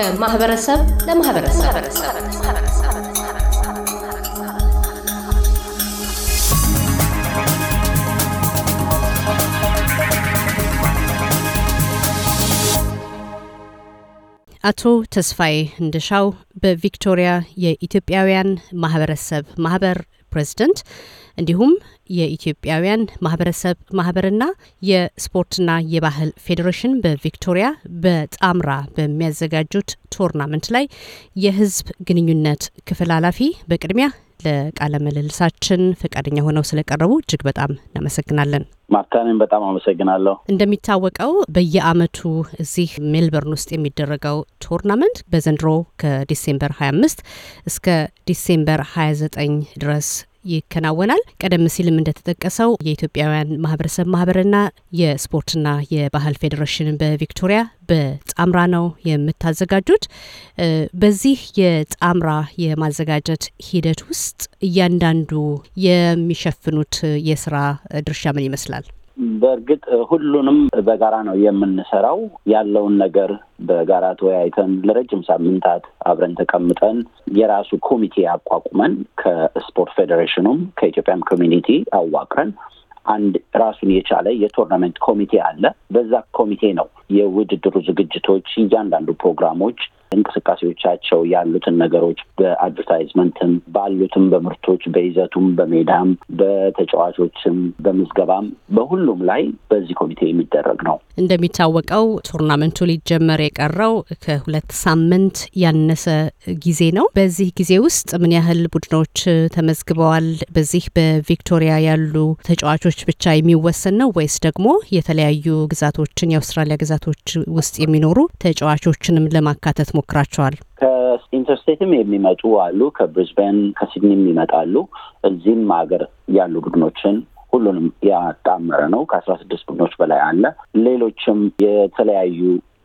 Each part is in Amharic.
ከማህበረሰብ ለማህበረሰብ አቶ ተስፋዬ እንደሻው በቪክቶሪያ የኢትዮጵያውያን ማህበረሰብ ማህበር ፕሬዝደንት እንዲሁም የኢትዮጵያውያን ማህበረሰብ ማህበርና የስፖርትና የባህል ፌዴሬሽን በቪክቶሪያ በጣምራ በሚያዘጋጁት ቶርናመንት ላይ የህዝብ ግንኙነት ክፍል ኃላፊ በቅድሚያ ለቃለ ምልልሳችን ፈቃደኛ ሆነው ስለቀረቡ እጅግ በጣም እናመሰግናለን። ማርታንን በጣም አመሰግናለሁ። እንደሚታወቀው በየአመቱ እዚህ ሜልበርን ውስጥ የሚደረገው ቶርናመንት በዘንድሮ ከዲሴምበር 25 እስከ ዲሴምበር 29 ድረስ ይከናወናል። ቀደም ሲልም እንደተጠቀሰው የኢትዮጵያውያን ማህበረሰብ ማህበርና የስፖርትና የባህል ፌዴሬሽን በቪክቶሪያ በጣምራ ነው የምታዘጋጁት። በዚህ የጣምራ የማዘጋጀት ሂደት ውስጥ እያንዳንዱ የሚሸፍኑት የስራ ድርሻ ምን ይመስላል? በእርግጥ ሁሉንም በጋራ ነው የምንሰራው። ያለውን ነገር በጋራ ተወያይተን ለረጅም ሳምንታት አብረን ተቀምጠን የራሱ ኮሚቴ አቋቁመን ከስፖርት ፌዴሬሽኑም ከኢትዮጵያም ኮሚኒቲ አዋቅረን አንድ ራሱን የቻለ የቶርናመንት ኮሚቴ አለ። በዛ ኮሚቴ ነው የውድድሩ ዝግጅቶች፣ እያንዳንዱ ፕሮግራሞች እንቅስቃሴዎቻቸው ያሉትን ነገሮች በአድቨርታይዝመንትም ባሉትም በምርቶች በይዘቱም በሜዳም በተጫዋቾችም በምዝገባም በሁሉም ላይ በዚህ ኮሚቴ የሚደረግ ነው። እንደሚታወቀው ቱርናመንቱ ሊጀመር የቀረው ከሁለት ሳምንት ያነሰ ጊዜ ነው። በዚህ ጊዜ ውስጥ ምን ያህል ቡድኖች ተመዝግበዋል? በዚህ በቪክቶሪያ ያሉ ተጫዋቾች ብቻ የሚወሰን ነው ወይስ ደግሞ የተለያዩ ግዛቶችን የአውስትራሊያ ግዛቶች ውስጥ የሚኖሩ ተጫዋቾችንም ለማካተት ሞክራቸዋል። ከኢንተርስቴትም የሚመጡ አሉ፣ ከብሪዝቤን ከሲድኒም ይመጣሉ። እዚህም ሀገር ያሉ ቡድኖችን ሁሉንም ያጣመረ ነው። ከአስራ ስድስት ቡድኖች በላይ አለ። ሌሎችም የተለያዩ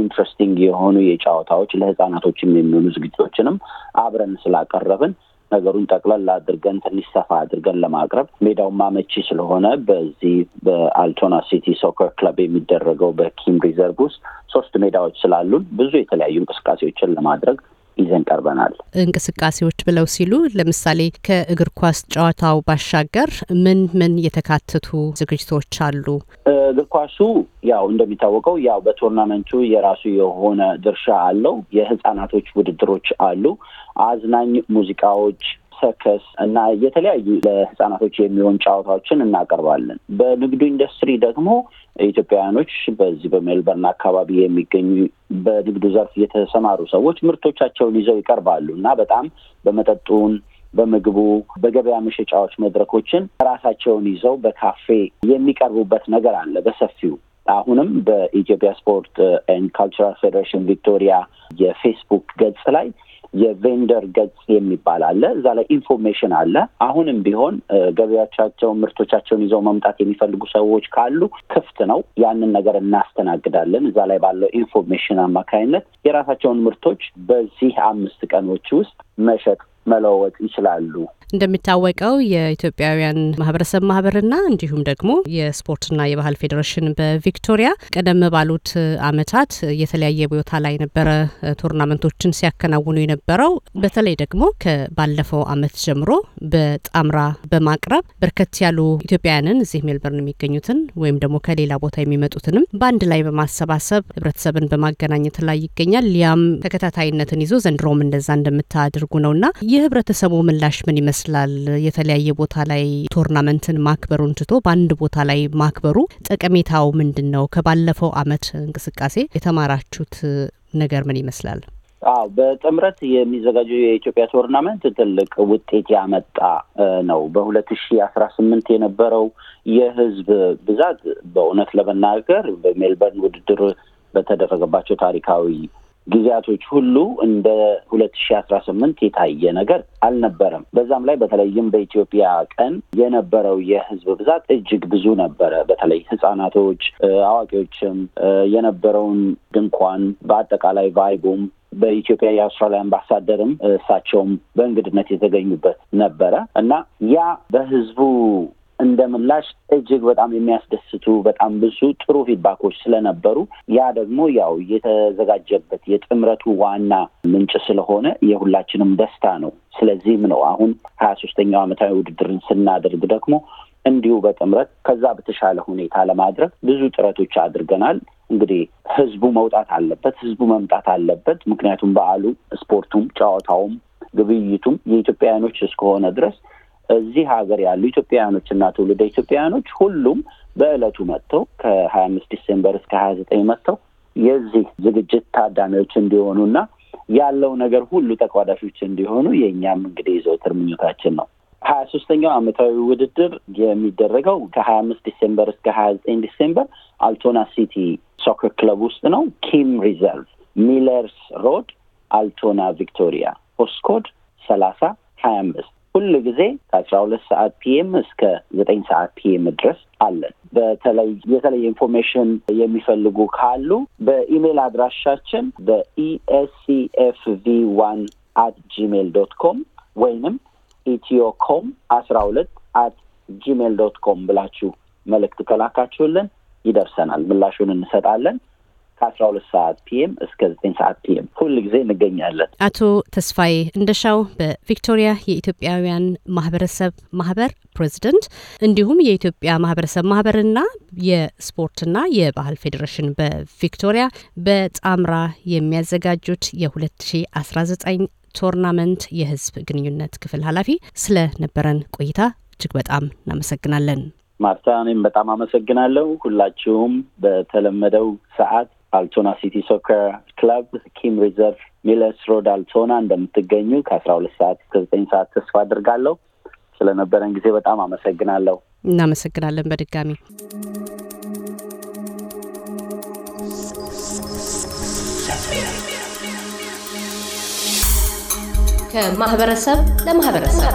ኢንትረስቲንግ የሆኑ የጨዋታዎች ለህፃናቶችም የሚሆኑ ዝግጅቶችንም አብረን ስላቀረብን ነገሩን ጠቅለል አድርገን ትንሽ ሰፋ አድርገን ለማቅረብ ሜዳውም አመቺ ስለሆነ በዚህ በአልቶና ሲቲ ሶከር ክለብ የሚደረገው በኪም ሪዘርቭ ውስጥ ሶስት ሜዳዎች ስላሉን ብዙ የተለያዩ እንቅስቃሴዎችን ለማድረግ ይዘን ቀርበናል። እንቅስቃሴዎች ብለው ሲሉ ለምሳሌ ከእግር ኳስ ጨዋታው ባሻገር ምን ምን የተካተቱ ዝግጅቶች አሉ? እግር ኳሱ ያው እንደሚታወቀው ያው በቶርናመንቱ የራሱ የሆነ ድርሻ አለው። የህጻናቶች ውድድሮች አሉ። አዝናኝ ሙዚቃዎች ሰርከስ እና የተለያዩ ለህጻናቶች የሚሆን ጨዋታዎችን እናቀርባለን። በንግዱ ኢንዱስትሪ ደግሞ ኢትዮጵያውያኖች በዚህ በሜልበርን አካባቢ የሚገኙ በንግዱ ዘርፍ የተሰማሩ ሰዎች ምርቶቻቸውን ይዘው ይቀርባሉ እና በጣም በመጠጡን በምግቡ በገበያ መሸጫዎች መድረኮችን ራሳቸውን ይዘው በካፌ የሚቀርቡበት ነገር አለ በሰፊው። አሁንም በኢትዮጵያ ስፖርት ኤንድ ካልቸራል ፌዴሬሽን ቪክቶሪያ የፌስቡክ ገጽ ላይ የቬንደር ገጽ የሚባል አለ። እዛ ላይ ኢንፎርሜሽን አለ። አሁንም ቢሆን ገበያዎቻቸውን፣ ምርቶቻቸውን ይዘው መምጣት የሚፈልጉ ሰዎች ካሉ ክፍት ነው። ያንን ነገር እናስተናግዳለን። እዛ ላይ ባለው ኢንፎርሜሽን አማካኝነት የራሳቸውን ምርቶች በዚህ አምስት ቀኖች ውስጥ መሸጥ መለወጥ ይችላሉ እንደሚታወቀው የኢትዮጵያውያን ማህበረሰብ ማህበርና እንዲሁም ደግሞ የስፖርትና የባህል ፌዴሬሽን በቪክቶሪያ ቀደም ባሉት አመታት የተለያየ ቦታ ላይ ነበረ ቶርናመንቶችን ሲያከናውኑ የነበረው። በተለይ ደግሞ ከባለፈው አመት ጀምሮ በጣምራ በማቅረብ በርከት ያሉ ኢትዮጵያውያንን እዚህ ሜልበርን የሚገኙትን ወይም ደግሞ ከሌላ ቦታ የሚመጡትንም በአንድ ላይ በማሰባሰብ ህብረተሰብን በማገናኘት ላይ ይገኛል። ያም ተከታታይነትን ይዞ ዘንድሮም እንደዛ እንደምታደርጉ ነውና የህብረተሰቡ ምላሽ ምን ይመስላል? ይመስላል። የተለያየ ቦታ ላይ ቶርናመንትን ማክበሩን ትቶ በአንድ ቦታ ላይ ማክበሩ ጠቀሜታው ምንድን ነው? ከባለፈው አመት እንቅስቃሴ የተማራችሁት ነገር ምን ይመስላል? አዎ በጥምረት የሚዘጋጀው የኢትዮጵያ ቶርናመንት ትልቅ ውጤት ያመጣ ነው። በሁለት ሺ አስራ ስምንት የነበረው የህዝብ ብዛት በእውነት ለመናገር በሜልበርን ውድድር በተደረገባቸው ታሪካዊ ጊዜያቶች ሁሉ እንደ ሁለት ሺ አስራ ስምንት የታየ ነገር አልነበረም። በዛም ላይ በተለይም በኢትዮጵያ ቀን የነበረው የህዝብ ብዛት እጅግ ብዙ ነበረ። በተለይ ህጻናቶች፣ አዋቂዎችም የነበረውን ድንኳን በአጠቃላይ ቫይቡም በኢትዮጵያ የአውስትራሊያ አምባሳደርም እሳቸውም በእንግድነት የተገኙበት ነበረ እና ያ በህዝቡ እንደ ምላሽ እጅግ በጣም የሚያስደስቱ በጣም ብዙ ጥሩ ፊድባኮች ስለነበሩ ያ ደግሞ ያው የተዘጋጀበት የጥምረቱ ዋና ምንጭ ስለሆነ የሁላችንም ደስታ ነው። ስለዚህም ነው አሁን ሀያ ሶስተኛው ዓመታዊ ውድድርን ስናደርግ ደግሞ እንዲሁ በጥምረት ከዛ በተሻለ ሁኔታ ለማድረግ ብዙ ጥረቶች አድርገናል። እንግዲህ ህዝቡ መውጣት አለበት፣ ህዝቡ መምጣት አለበት። ምክንያቱም በዓሉ ስፖርቱም፣ ጨዋታውም፣ ግብይቱም የኢትዮጵያውያኖች እስከሆነ ድረስ እዚህ ሀገር ያሉ ኢትዮጵያውያኖች እና ትውልደ ኢትዮጵያውያኖች ሁሉም በእለቱ መጥተው ከሀያ አምስት ዲሴምበር እስከ ሀያ ዘጠኝ መጥተው የዚህ ዝግጅት ታዳሚዎች እንዲሆኑ እና ያለው ነገር ሁሉ ተቋዳሾች እንዲሆኑ የእኛም እንግዲህ የዘወትር ምኞታችን ነው። ሀያ ሶስተኛው አመታዊ ውድድር የሚደረገው ከሀያ አምስት ዲሴምበር እስከ ሀያ ዘጠኝ ዲሴምበር አልቶና ሲቲ ሶከር ክለብ ውስጥ ነው። ኪም ሪዘርቭ ሚለርስ ሮድ አልቶና ቪክቶሪያ ፖስት ኮድ ሰላሳ ሀያ አምስት ሁል ጊዜ ከአስራ ሁለት ሰዓት ፒኤም እስከ ዘጠኝ ሰዓት ፒኤም ድረስ አለን። በተለይ የተለየ ኢንፎርሜሽን የሚፈልጉ ካሉ በኢሜይል አድራሻችን በኢኤስሲኤፍቪ ዋን አት ጂሜል ዶት ኮም ወይንም ኮም አስራ ሁለት አት ጂሜል ዶት ኮም ብላችሁ መልእክት ከላካችሁልን ይደርሰናል፣ ምላሹን እንሰጣለን። ከአስራ ሁለት ሰዓት ፒኤም እስከ ዘጠኝ ሰዓት ፒኤም ሁል ጊዜ እንገኛለን። አቶ ተስፋዬ እንደሻው በቪክቶሪያ የኢትዮጵያውያን ማህበረሰብ ማህበር ፕሬዚደንት እንዲሁም የኢትዮጵያ ማህበረሰብ ማህበርና የስፖርትና የባህል ፌዴሬሽን በቪክቶሪያ በጣምራ የሚያዘጋጁት የ2019 ቶርናመንት የህዝብ ግንኙነት ክፍል ኃላፊ ስለነበረን ቆይታ እጅግ በጣም እናመሰግናለን። ማርታ፣ እኔም በጣም አመሰግናለሁ። ሁላችሁም በተለመደው ሰዓት አልቶና ሲቲ ሶከር ክለብ ኪም ሪዘርቭ ሚለስ ሮድ አልቶና እንደምትገኙ ከአስራ ሁለት ሰዓት እስከ ዘጠኝ ሰዓት ተስፋ አድርጋለሁ። ስለነበረን ጊዜ በጣም አመሰግናለሁ። እናመሰግናለን በድጋሚ ከማህበረሰብ ለማህበረሰብ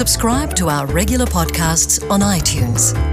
subscribe to our regular podcasts on iTunes.